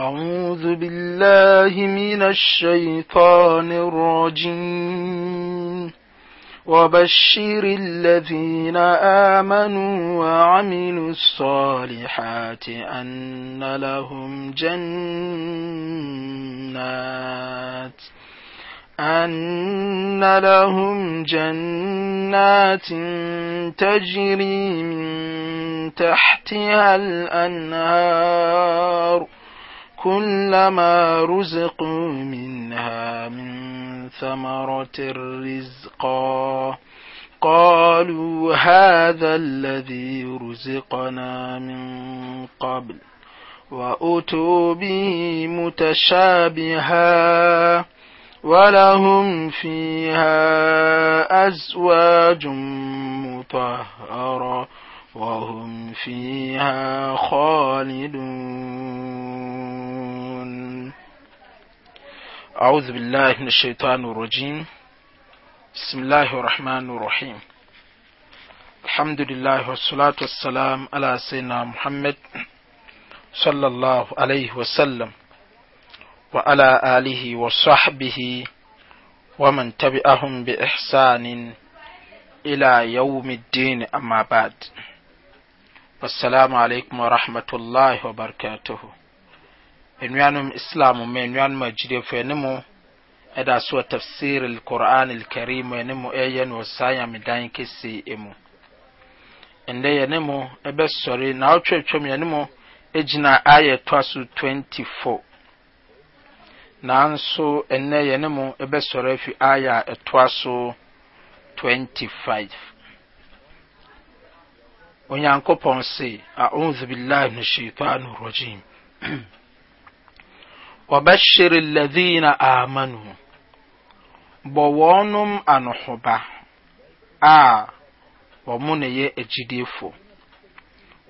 أعوذ بالله من الشيطان الرجيم وبشر الذين آمنوا وعملوا الصالحات أن لهم جنات أن لهم جنات تجري من تحتها الأنهار كلما رزقوا منها من ثمرة رزقا قالوا هذا الذي رزقنا من قبل وأتوا به متشابها ولهم فيها أزواج مطهرة وهم فيها خالدون أعوذ بالله من الشيطان الرجيم بسم الله الرحمن الرحيم الحمد لله والصلاة والسلام على سيدنا محمد صلى الله عليه وسلم وعلى آله وصحبه ومن تبعهم بإحسان إلى يوم الدين أما بعد والسلام عليكم ورحمة الله وبركاته nnuanom islam mu nnuanom agyidefo ne mu ɛda so wɔ tafsir alquran alkarim ne mu ɛyɛ no saa nyamedan kɛseɛ mu ɛndɛ yɛ ne mu na ɔtwɛtwɛm yɛ ne mu egyina ayɛ toa twenty four, nanso ɛnɛ yɛ ne mu ɛbɛsɔre afi ayɛ a twenty five. 25 onyankopɔn se a'udhu billahi minash shaitani rajim وبشر الذين آمنوا بوانم أنحبا آ ومني أجديفو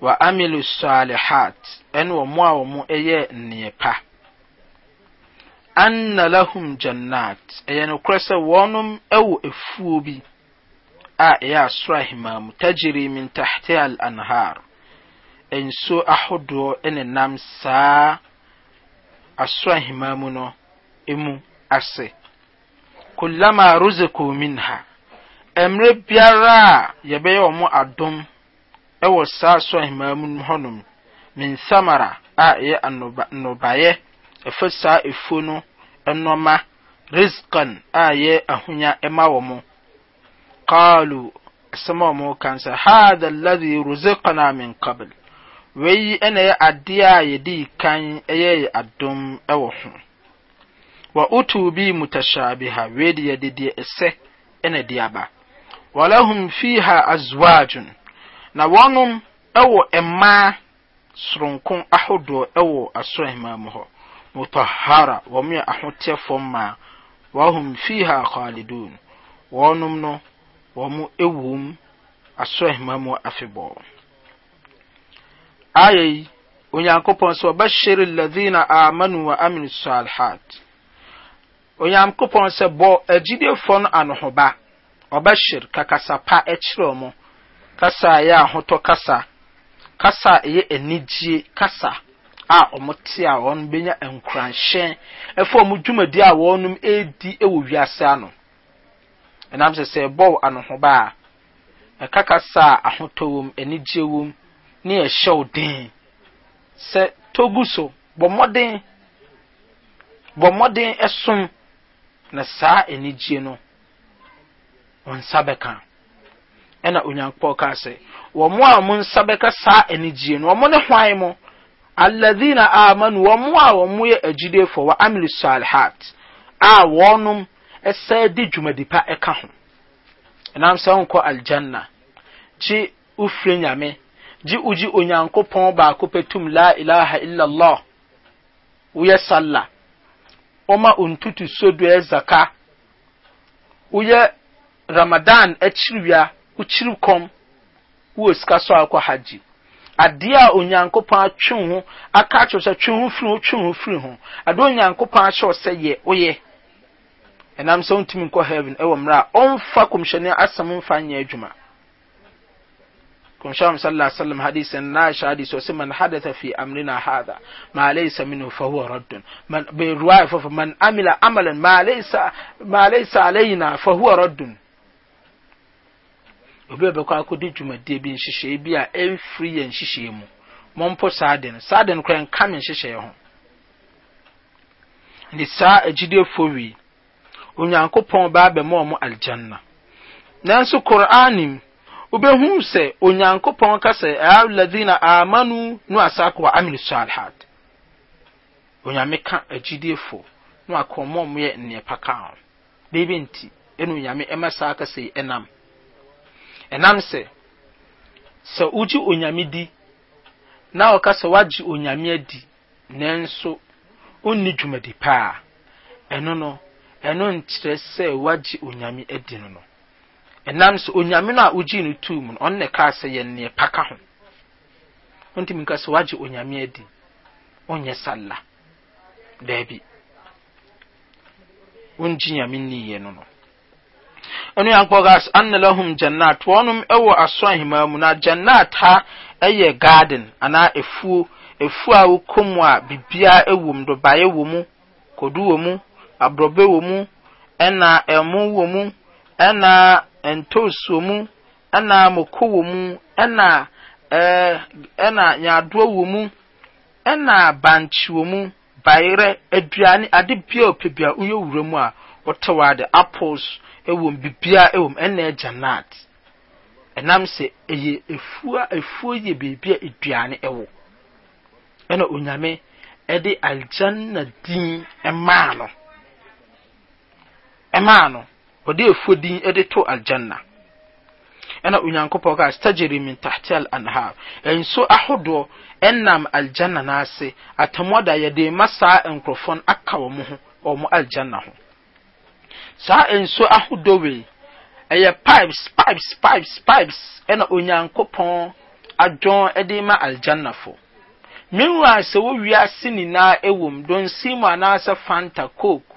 وعملوا الصالحات أن وموا ومو أيه نيبا anna lahum jannat ɛyɛ nokorɛ sɛ wɔnom ɛwɔ efuo bi a ɛyɛ asoro ahemam tajiri min tahtiha al anhar nsuo ahodoɔ ɛnenam saa aso ahema mu no emu ase kulama ruziku minha mmerɛ biara a yɛbɛyɛ wɔn adom wɔ saa so ahema mu hɔnom min samara a ɛyɛ nnɔbaeɛ ɛfɛ saa efuo no nneɛma rizqan a ɛyɛ ahonya ma wɔn kaalu asɛm a wɔn kansa haada alladhi ruziqana min qabl wei ɛna ɛyɛ adeɛ a yɛdi kan ɛyɛ yɛ adom ɛwɔ ho wa utu bi mutashabiha wei de yɛde deɛ ɛsɛ ɛna de aba walahum fiha azwajun na wɔnom ɛwɔ mmaa soronko ahodoɔ ɛwɔ asoro ahema mu hɔ mutahara wɔn yɛ ahoteɛfo mmaa wahum fiha khalidun wɔnom no wɔn ɛwom asoro ahema mu afebɔɔ aya yi onyankopɔn sɛ ɔbɛhyere alladhina amanu wa aminu salihat onyankopɔn sɛ bɔ agyidefoɔ no anohoba ɔbɛhyer kakasa pa ɛkyerɛ mo kasa a ɛyɛ ahotɔ kasa kasa a ɛyɛ anigye kasa a ɔmo te a wɔn benya nkuranhyɛn ɛfɔ ɔmo dwumadi a wɔn edi ɛwɔ wiase ano ɛnam sɛ sɛ ɛbɔ anohoba a ɛka kasa a ahotɔ wɔm anigye wɔm ne ɛhyɛ wo den sɛ togu so bɔ mmɔden bɔ mmɔden ɛsom na saa anigye no wɔn nsa bɛka ɛna onyankopɔn kaa sɛ wɔn a wɔn nsa bɛka saa anigye no wɔn ne hwan mo alladhina amanu wɔn a wɔn yɛ agyidefo wɔ amili salhat a wɔnom ɛsɛ de dwumadipa ɛka ho ɛnam sɛ wɔn kɔ aljanna kyi ufiri nyame gye wogye onyankopɔn baako pɛtum la ilaha illallah woyɛ salla ɔma ontutu sodoɛ e zaka woyɛ ramadan akyiriwia e wokyiri kɔm wowɔ sika so akɔ hagye adeɛ a onyankopɔn atwe ho aka akyerɛ sɛ twe ho firi ho twe ho firi ho onyankopɔn sɛ yɛ woyɛ ɛnam sɛ wontumi nkɔ heaven ɛwɔ mmerɛ a ɔmfa kɔmhyɛne asɛm adwuma Koun chanm sal la salm hadisen na chadi. Sose man hadete fi amlina hadha. Ma leysa minou fahwa raddoun. Man amila amalen. Ma leysa leyna fahwa raddoun. Obebe kwa akou di djoume de bin shishye. Bi ya evi friyen shishye moun. Moun pou saden. Saden kwen kamyen shishye yon. Ndi sa e jide fowi. Unyankou pon baben moun moun aljanna. Nansou koranim. wobɛhu sɛ onyankopɔn ka sɛ aladina amanu no asako wa amil salihat onyame ka agyidiefoɔ na akɔmmɔ mo yɛ nneɛ pa ka ho beibi nti ɛna onyame ɛma saa kasa yi ɛnam ɛnam sɛ sɛ wogye onyame di na ɔka sɛ woagye onyame adi nanso onni dwumadi paa ɛno no ɛno nkyerɛ sɛ woagye onyame adi no no ɛnam sɛ onyame no a ogyii no tuu mu no ɔno ne kaa sɛ yɛn neɛ pa ka ho ɔntumi nka sɛ wagye onyame adi ɔnyɛ salla daabi ɔngye nyame nniiɛ no no ɛno yankopɔ gas anna lahum jannat wɔnom ɛwɔ aso ahema mu na jannat ha ɛyɛ garden anaa efuo efuo a wokɔ mu a bibia ɛwɔ mu dɔbaeɛ wɔ mu kodu wɔ mu aborɔbɛ wɔ mu ɛna ɛmo wɔ mu ɛna ntoosi wɔ mu ɛna mako wɔ mu ɛna ɛɛ ɛna nyadoa wɔ mu ɛna bankye wɔ mu bayerɛ aduane ade bia ɔpɛ bia woyɛ wura mu a wɔtɛw ade apples ɛwɔ mu bibia ɛwɔ mu ɛna ɛgya nut ɛnam sɛ ɛyɛ efuo efuo yɛ beebi a aduane ɛwɔ ɛna onyame ɛde aljanna din ɛmaa no ɛmaa no. ɔde efuo din ɛde to aljanna ɛna onyankopɔn kaa stagiri min tahti al anhar nso ahodoɔ ɛnam aljanna n'ase atamɔda yɛde ma saa nkurɔfoɔ no aka wɔn ho wɔn aljanna ho saa nso ahodoɔ wei ɛyɛ pipes pipes pipes pipes ɛna onyankopɔn adwɔn ɛde ma aljannafo meanwhile sɛ wo wiase nyinaa ɛwɔ mu donsi mu anaasɛ fanta coke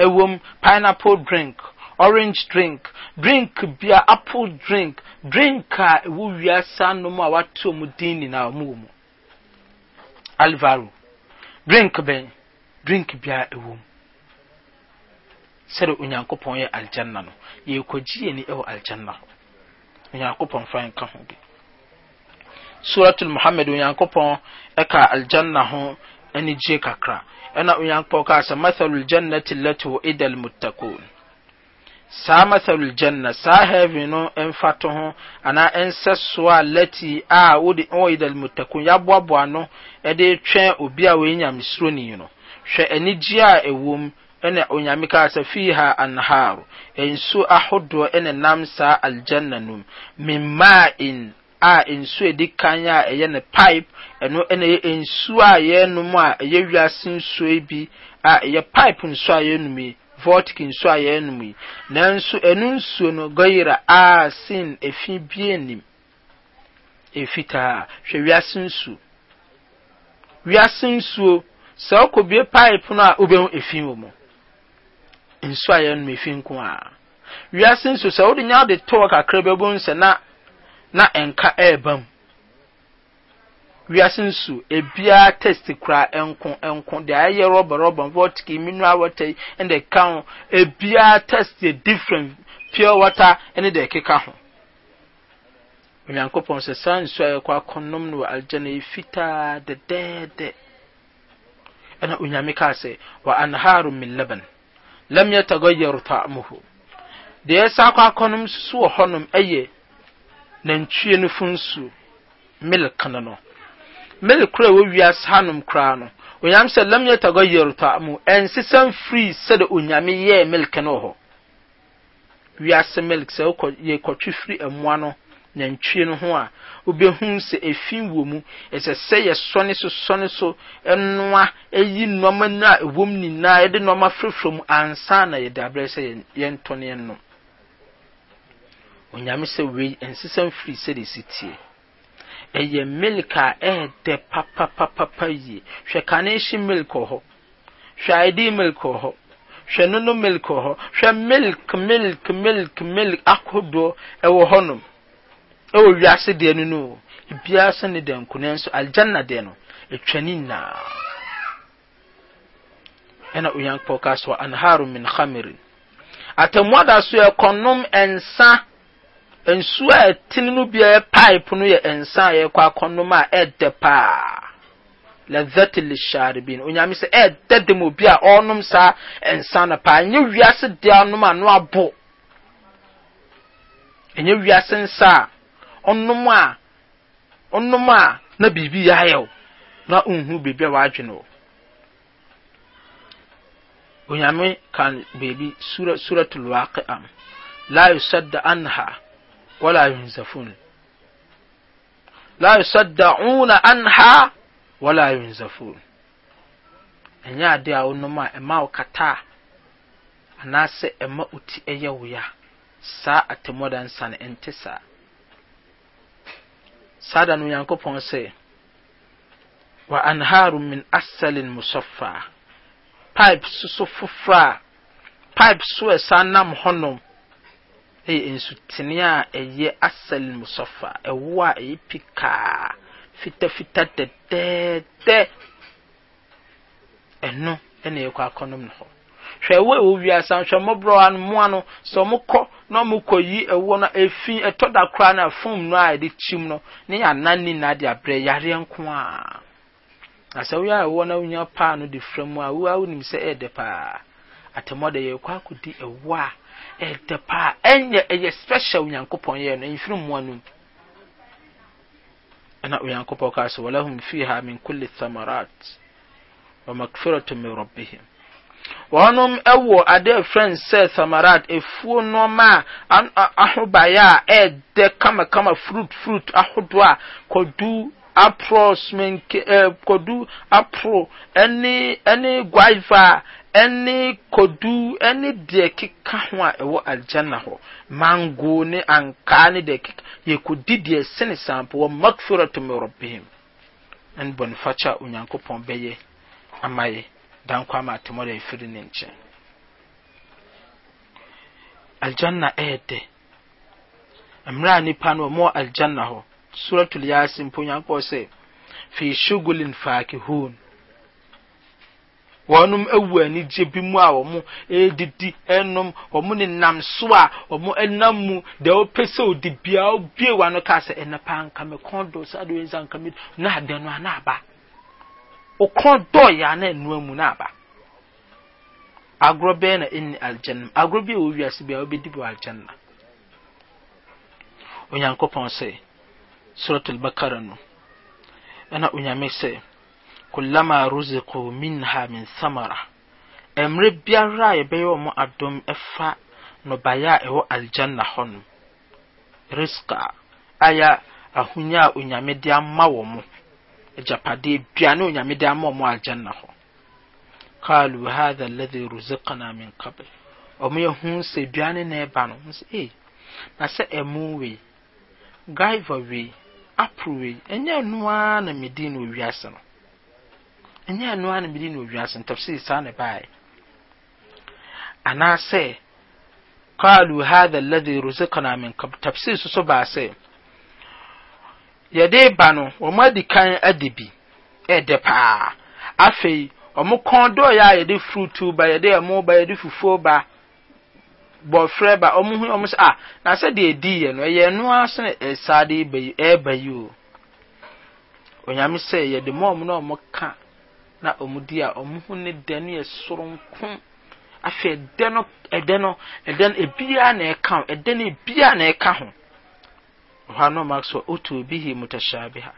ewom pineapple drink orange drink drink bia apple drink drink a ewu wiasa nom a wato mu din nyinaa mu wɔ mu alvaro drink bɛn drink bia ewom sɛde onyankopɔn yɛ aljanna no yɛrekɔgye yɛni ɛwɔ aljanna hɔ onyankopɔn fa nka ho bi suratul muhammad onyankopɔn ɛka aljanna ho ani gye kakra ɛna onyankopɔn kaa sɛ mathalu ljannati lati woida almuttakoon saa mathalu ljanna saa heaven no ɛmfa to ho anaa ɛnsɛ soa lati a wode woida almuttakoon yɛaboaboa no ɛde twɛn obi a wɔyɛ nyamesuroni no hwɛ anigyeɛ a ɛwɔ mu ɛna onyame kaa sɛ fiha anhar nsu ahodoɔ ɛna nam saa aljanna no mu min ma'in a nsuo edi kan a ɛyɛ ne pipe ɛno ɛna ɛyɛ nsuo a yɛnom a ɛyɛ wiase nsuo bi a ɛyɛ pipe nsuo a yɛnom yi voltic nsuo a yɛnom yi nanso ɛno nsuo no gɔyira a sin efi bie nim efitaa hwɛ wiase nsuo wiase nsuo sɛ ɔkɔ bie pipe no a obɛn efi wɔ mu nsuo a yɛnom efi nko a wiase nsuo sɛ ɔde nya de tɔɔ kakra bɛbɔ nsa na na nka ɛreba mu wiase nsu ebiara test kura nko nko deɛ ayɛ rɔba rɔba vɔtik mineral water yi ɛna ɛka ho ebiara test yɛ different pure water ɛne deɛ ɛkeka ho onyankopɔn sɛ saa nsu a yɛkɔ akɔnom no wɔ aljana yi dɛdɛɛdɛ ɛna onyame kaa sɛ wa anharu min laban lam yatagayyaru ta'amuhu deɛ yɛsa akɔ akɔnom nso wɔ hɔnom ɛyɛ nantwie no fo nsuo milk no no milk kora a wɔwiase hanom koraa no onyame sɛ lam yɛtagɔyer taamu ɛnsesam firi sɛde onyame yɛɛ milk no wɔ hɔ wiase milk sɛ yɛkɔtwe firi mmoa no nantwie no ho a wobɛhu sɛ efi wɔ mu ɛsɛ sɛ yɛsɔne so sɔne so ɛnoa ɛyi nneɛma no a ɛwɔ mu nyinaa yɛde nneɛma firifiri mu ansa na yɛde abrɛ sɛ yɛntɔne yɛnnom onyame sɛ wei nsesam firi sɛde si tie ɛyɛ milk a ɛɛdɛ papapapa yie hwɛ carnation milk wɔ hɔ hwɛ id milk wɔ hɔ hwɛ nono milk wɔ hɔ hwɛ milk milk milk milk ahodoɔ ɛwɔ hɔnom ɛwɔ wiase deɛ no no biara sɛ ne dɛnko nanso aljanna deɛ no ɛtwa ne nyinaa ɛna onyankopɔn ka sɛ anharu min khamirin atammuada so yɛ kɔnom ɛnsa nsuo a ɛtene no biara pipe no yɛ nsa a yɛkɔ akɔnom a ɛdɛ paa lazati lisharibin onyame sɛ ɛdɛ dɛm obi a ɔnom saa nsa no paa ɛnyɛ wiase deɛ anom a abo ɛnyɛ wiase nsa a ɔnom a ɔnom a na biribi yɛ ayɛw na nhu biribi a wadwene wɔ onyame kan baabi suratul waqi'a la yusadda anha ولا ينزفون لا يصدعون عنها ولا ينزفون ɛnyɛ adeɛ a wonom a ɛma wo kata anaasɛ ɛma wo ti ɛyɛ wo ya saa atemmɔda nsa no ɛnte saa saa da no onyankopɔn sɛ wa anharu min asalin musaffa pipe so foforɔ a pipe so ɛsa nam hɔnom ɛyɛ nsutene a ɛyɛ asal musaffa ɛwo a ɛyɛ pikaa fitafita dɛdɛɛdɛ ɛno ɛna yɛkɔ akɔnom no hɔ hwɛ ɛwo ɛwɔ wiasa hwɛ mmɔborɔ ano mmoa no sɛ ɔmo na ɔmo yi ɛwo no efi ɛtɔ da koraa na fom no a yɛde kyim no ne yɛ anan ne nyinaa de abrɛ yareɛ nko a na sɛ woyɛ na wonya paa no de fura mu a wo a wonim sɛ ɛyɛ dɛ paa atɛmɔ de yɛkɔ akɔdi ɛwo a ɛdɛ paa ɛnyɛ ɛyɛ special onyankopɔn yɛ no ɛmfiri mmoa no mu ɛna onyankopɔn kaa sɛ walahum fiha min kulli thamarat wa magfiratun min rabbihim wɔnom ɛwɔ ade frɛn sɛ thamarat efuo nneɛma a ahobaeɛ a ɛɛdɛ kamakama fruit fruit ahodoɔ a kɔdu apro smenke ɛɛ kɔdu apro ɛne ɛne guava ɛne kodu ɛne deɛ keka ho a ɛwɔ aljanna hɔ mango ne ankaa ne deɛ keka yɛkɔdi deɛ sene sampo wɔ makfiratu min rabbihim ɛne bɔnefakyɛ a onyankopɔn bɛyɛ ama yɛ danko ama atemmɔ de afiri ne nkyɛn aljanna ɛyɛ dɛ mmerɛ a nipa no ɔmɔ aljanna hɔ suratul yasin mpo nyankopɔn sɛ fi shugulin fakihun wɔnom awu anigye bi mu a wɔn redidi nom wɔn nenam so a wɔn nam mu deɛ wɔpɛ sɛ odi bia obie wa no kaa sɛ ɛnapa nka me kɔn dɔ saa deɛ ɔyɛ nka na adan no ana aba ɔkɔn dɔɔ yɛ ana ɛnua mu na aba agorɔ bɛyɛ na ɛnni aljanna agorɔ bi a wɔwia ase bi a bi wɔ aljanna onyankopɔn sɛ suratul bakara no ɛna onyame sɛ kullama ruziqu minha min samara mmerɛ biara a yɛbɛyɛ wɔ mo adom ɛfa nnɔbaeɛ a ɛwɔ aljanna hɔnom riska ayɛ ahonya a onyame de ama wɔ mo agyapadeɛ aduane a onyame de ama wɔ mo aljanna hɔ qalu hadha alladhi ruziqna min qabl ɔmo yɛ hu sɛ aduane na ɛba no ɔmo sɛ ee na sɛ ɛmu wei gaiva wei apple wei ɛnyɛ noa na medin no wiase no ɛnyɛ ɛno a na mede na owiase ntɔfsiri saa na baeɛ anaasɛ قالوا هذا الذي رزقنا من قبل تفسير سوسو باسي yɛde ba no wɔn adi kan adi bi ɛdɛ paa afei wɔn kɔn dɔɔyɛ a yɛde furutu ba yɛde ɛmo ba yɛde fufu ba bɔfrɛ ba wɔn ho wɔn sɛ a ah, na sɛ deɛ edi yɛ no ɛyɛ ɛnoa so na ɛsaade ɛɛba yi o onyame sɛ yɛde mɔɔm na wɔn ka na wɔn di a wɔn ho ne dɛ no yɛ soronko afei ɛdɛ no ɛdɛ no ɛdɛ no ebiara na ɛka ho ɛdɛ no ebiara na ɛka ho ɔhɔ no mark sɛ otu obi hi mutashabi ha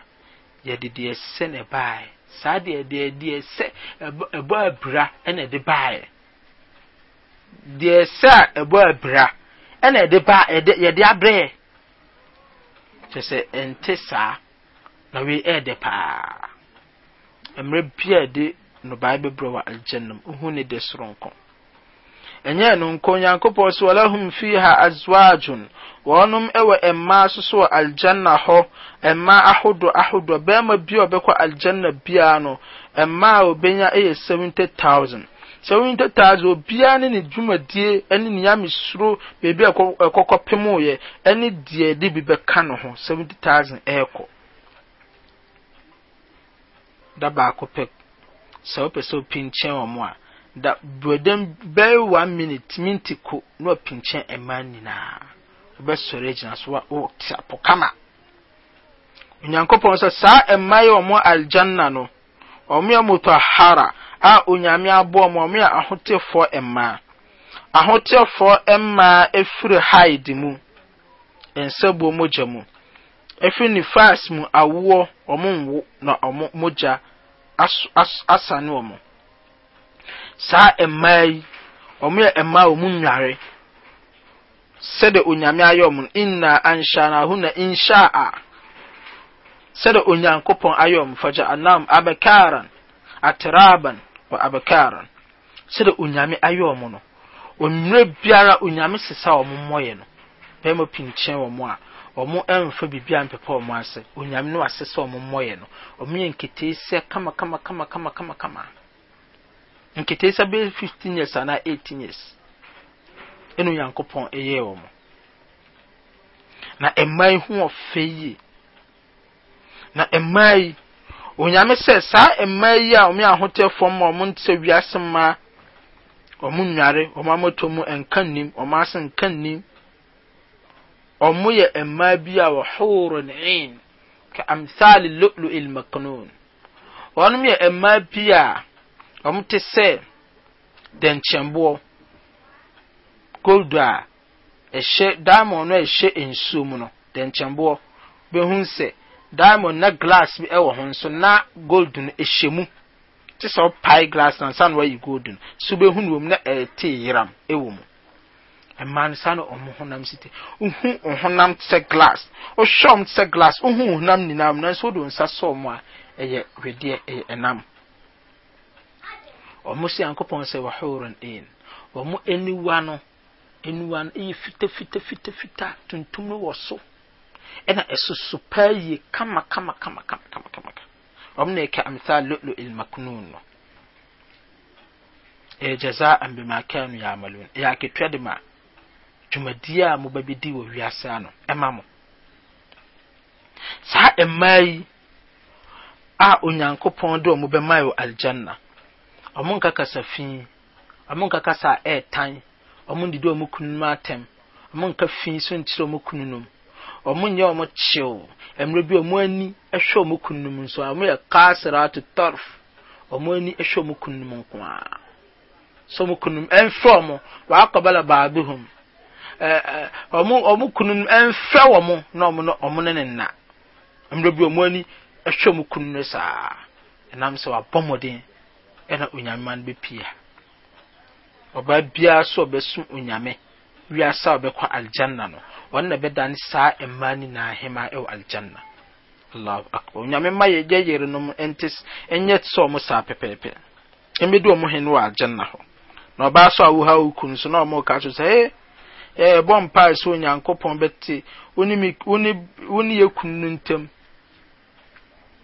yɛde deɛ sɛ na ɛbaeɛ saa deɛ deɛ deɛ sɛ ɛbɔ abira ɛna ɛde baeɛ deɛ sɛ a ɛbɔ abira ɛna ɛde ba ɛde yɛde abrɛ kyɛ sɛ ɛnte saa na wei ɛɛdɛ paa mmerɛ bi a ɛde nnɔbae bebrɛ wɔ aljanna ohu ne de soronko ɛnyɛ no nko nyankopɔn so walahum fiha azwajun wɔnom ɛwɔ mmaa soso wɔ aljanna hɔ mmaa ahodoɔ ahodoɔ bɛrima bi a ɔbɛkɔ aljanna biara no mmaa a obenya yɛ seventy thousand seventy thousand obiara ne ne dwumadie ne ne nyamesuro beebi a ɛkɔkɔ pemoeɛ ne deɛ de bi bɛka no ho seventy thousand ɛrekɔ da baako pɛ sɛ wopɛ sɛ a da burodan bɛyɛ one minute minti ko na ɔpinkyɛn mmaa nyinaa ɔbɛsɔre agyina so ɔte apo kama onyankopɔn sɛ saa aljanna no yɛ a onyame aboɔ wɔn yɛ ahotefoɔ mmaa ahotefoɔ mmaa efiri haid mu nsabuo mogya mu efiri nifaas mu awoɔ wɔn nwo na asane wɔn saa mmaa yi wɔn yɛ mmaa wɔn nnware sɛdeɛ onyame ayɛ wɔn nna anhyɛ ahu na nhyɛ a sɛdeɛ onyankopɔn ayɛ wɔn fagya anam abɛkaaran ataraban wɔ abɛkaaran sɛdeɛ onyame ayɛ wɔn no onwere biara onyame sesa wɔn mmɔyɛ no bɛrima pinkyɛn wɔn a. ɔmo ɛmfa biribi a mpepɛ ɔmo ase onyame no ase sɛ ɔmo mmɔyɛ no ɔmo yɛ nketeesia kama kama kama kama kama kama nketeesia bɛyɛ fifteen years anaa eighteen years ɛna onyankopɔn ɛyɛɛ ɔmo na mmaa yi ho ɔfɛ yie na mmaa yi onyame sɛ saa mmaa yi a ɔmo ahotɛ fam a ɔmo nte wiase mmaa ɔmo nware ɔmo amɔtɔ mu nka nnim ɔmo ase nka nnim ɔmo yɛ mmaa bi a wɔhooro ne ka amsaali lo'lo ilmaknoon wɔnom yɛ mmaa bi a ɔmo te sɛ dɛnkyɛnboɔ gold a ɛhyɛ diamond no a ɛhyɛ nsuo mu no dɛnkyɛnboɔ behu sɛ diamond na glass bi ɛwɔ ho nso na gold no ɛhyɛ mu te sɛ ɔpae glass na nsa na wayi e gold no so behu wɔm na ɛte yeram ɛwɔ mu mmaa no saa ɔmo honam si te ohu honam sɛ glass ɔhwɛ ɔmo sɛ glass ohu honam nyinaa mu nanso ɔde nsa sɔɔ mo a ɛyɛ wedeɛ ɛyɛ ɛnam ɔmo si ankopɔn sɛ wɔhoron ɛyin ɔmo aniwa no aniwa no ɛyɛ fita fita fita fita tuntum no wɔ so ɛna ɛsoso paa yie kama kama kama kama kama kama ɔmo na ɛka amsa lolo ilmakunun no e ɛyɛ jazaa ambima kanu yɛ amalon ɛyɛ aketua de ma dwumadie a mobɛbɛdi wɔ wiase ano ɛma mo saa mmaa yi a onyankopɔn de ɔmo bɛma wɔ aljanna ɔmo nka kasa fii ɔmo nka kasa a ɛɛtan ɔmo ndidi ɔmo kunu mu atɛm ɔmo nka fii so nkyerɛ ɔmo kunu nom ɔmo nyɛ ɔmo kyew mmerɛ bi ɔmo ani ɛhwɛ ɔmo kunu nom nso ɔmo yɛ kaasra ato tɔrf ɔmo ani ɛhwɛ ɔmo kunu nom nko ara so ɔmo kunu nom ɛnfrɛ ɔmo wɔakɔbala baabi hom ɔmo eh, eh, ɔmo kunu ɛnfrɛ wɔn na ɔmo ne ne nna bi ɔmo ani ɛhwɛ ɔmo kunu saa ɛnam sɛ wabɔ ɛna no bepia biara so onyame wiase a ɔbɛkɔ aljanna no wɔn na bɛdane saa mmaa nyinaa hema ɛwɔ aljanna allahu akbar onyame ma yɛ saa pɛpɛɛpɛ na ɔbaa so a ha na ɔmo ka so sɛ yɛbɔ eh, mpae sɛ onyankopɔn bɛte wo ne yɛkun no ntam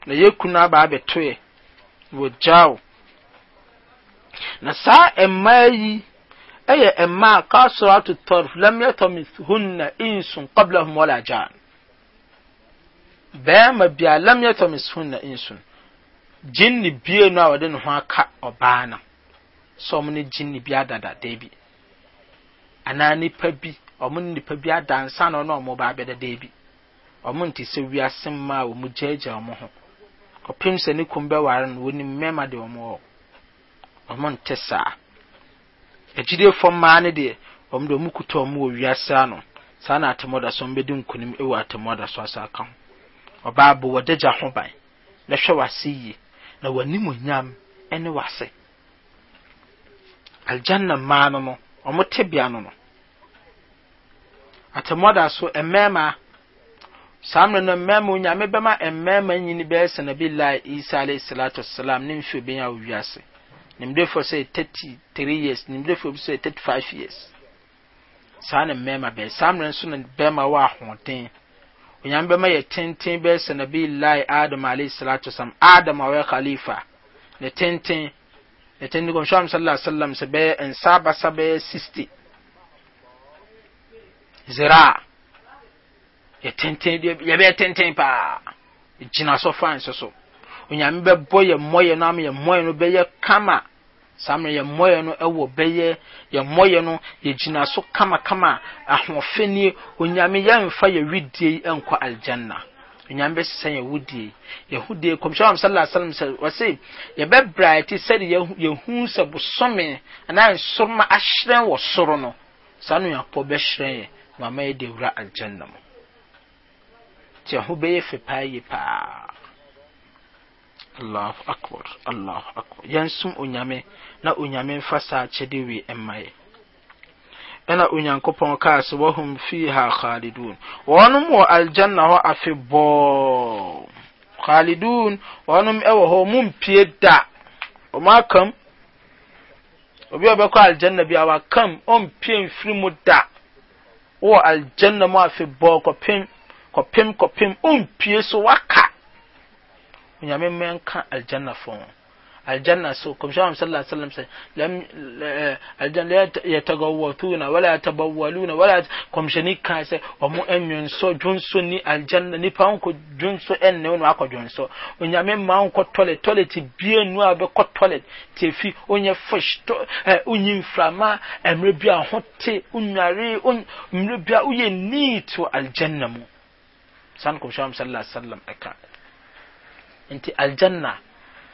na yɛkun no abaa bɛtoɛ wɔgya na saa mmaa yi ɛyɛ mmaa kasoratu tɔrf lam yɛtɔmishunna insun qablahum wala jan bɛrima bia lam yɛtɔmishunna insun jinni bie no a wɔde ne ho aka ɔbaa no sɛ ɔmo ne jinni bi adada daabi anaa nipa bi ɔmo nipa bi adansa na ɔno ɔmo ba abɛdada bi ɔmo nti sɛ wiase mmaa a ɔmo gyagya ɔmo ho ɔpem sɛ ne kum bɛware no wɔnim mmɛma de ɔmo wɔ ɔmo nte saa agyidefoɔ mmaa no deɛ ɔmo de ɔmo kuta ɔmo wɔ wiase ano saa na atemɔda so ɔmo bɛdi nkunim ɛwɔ atemɔda so asa ka ho ɔbaa bo gya ho ban na lɛhwɛ wase yie na wɔnim onyam ɛne wase aljanna mmaa no no ɔmo tebea no no atɛmɔda so mmarima saa mmerɛ no mmarima onyame bɛma mmarima nyini bɛyɛ sɛ nabi lai isa alayhi salatu wasalam ne mfe obɛnya wɔ wiase nimdefoɔ sɛ 33 years nimdefoɔ bi sɛ 35 years saa na mmarima bɛyɛ saa mmerɛ nso na bɛrima wɔ ahoɔden onyame bɛma yɛ tenten bɛyɛ sɛ nabi lai adam alayhi salatu wasalam adam a khalifa ne tenten ne tenten kɔmhyɛ am sallallahu alaihi wasallam sɛ bɛyɛ nsa abasa bɛyɛ 60 zira yɛbɛyɛ tenten paa gyina so fan so so onyame bɛbɔ yɛn mmɔyɛ no ama yɛn mmɔyɛ no bɛyɛ kama saa mmerɛ yɛn no ɛwɔ bɛyɛ yɛn mmɔyɛ no yɛgyina so kamakama ahoɔfɛ nie onyame yɛmfa yɛ widie yi nkɔ aljanna onyame bɛsesa yɛ wudie yɛ hudie kɔmhyɛn wa sallallahu alaihi wa sallam wɔsi yɛbɛbra ti sɛde yɛhu sɛ bosome anaa nsoroma ahyerɛn wɔ soro no saa no yɛn akpɔ bɛhyerɛn yɛ ma ma yɛde wura aljanna mu nti ɛho bɛyɛ fɛ paa yie paa allahu akbar allahu akbar yɛnsom onyame na onyame mfa saa kyɛde wei ɛmma yɛ ɛna onyankopɔn kaa sɛ wahum fiha khalidun wɔnom wɔ aljanna hɔ afebɔɔ khalidun wɔnom ɛwɔ hɔ mumpie da ɔmo akam obi a ɔbɛkɔ aljanna bi a wakam ɔmpie mfiri mu da wowɔ aljanna mu afe bɔɔ kɔpem kɔpem kɔpem ompie so waka onyame mmɛnka aljannafoɔ aljanna so kumshan sallallahu alaihi wasallam sai lam aljanna ya tagawwatuna wala tabawwaluna wala kumshani ka sai wa mu enyen so junso ni aljanna ni pa ko junso en ne wono akọ junso onyame ma nko toilet toilet bie nu abe ko toilet tefi onye fish to onye inframa emre bia ho te onware onye bia uye need to aljanna mu san kumshan sallallahu alaihi wasallam eka nti aljanna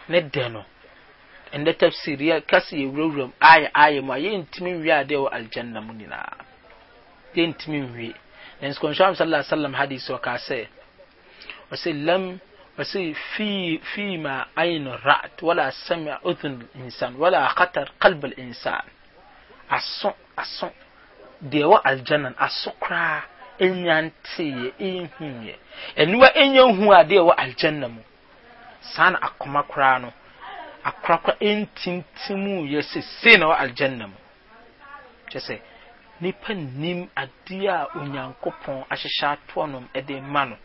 ne deno ɛndɛ tafsir kasi kasa yɛ wurawura mu ayɛ ayɛ mu a yɛntumi nwie adeɛ wɔ aljanna mu nyinaa yɛntumi nwie nanso kɔnhyɛn sallallahu alaihi wasallam hadisi ɔka sɛ ɔsɛ lam ɔsɛ fi fi ma ayin ra'at wala sami udhun insan wala khatar qalb al insan aso aso deɛ wɔ aljanna aso koraa ɛnya nteeɛ ɛnhu yɛ ɛnuwa ɛnya hu adeɛ wɔ aljanna mu sana na akoma koraa no akorakora ntintimu yɛ sese na wɔ aljanna mu kyɛ sɛ nipa nim adeɛ a onyankopɔn ahyehyɛ atoɔ nom ɛde ma no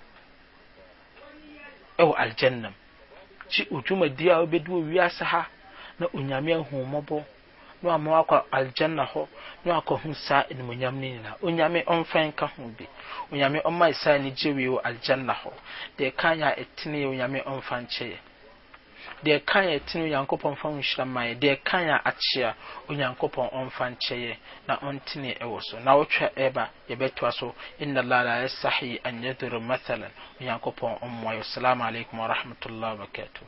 ɛwɔ aljanna mu kyi odwumadie a wobɛdi wɔ wiase ha na onyame ahummɔbɔ na ama wakɔ aljanna hɔ na wakɔ ho saa animonyam no nyinaa onyame ɔmfa nka ho bi onyame ɔmma saa anigye wei wɔ aljanna hɔ deɛ ka yɛ a ɛtene yɛ onyame ɔmfa nkyɛeɛ deɛ kan yɛ tene onyankopɔn fa nhyira ma yɛ deɛ kan yɛ akyea onyankopɔn ɔmfa nkyɛyɛ na ɔntene ɛwɔ so na wotwa ɛba yɛbɛtoa so inna allah la sahi an yadhuru mathalan onyankopɔn ɔmmoa yɛ assalamu alaikum wa wa barakatuh.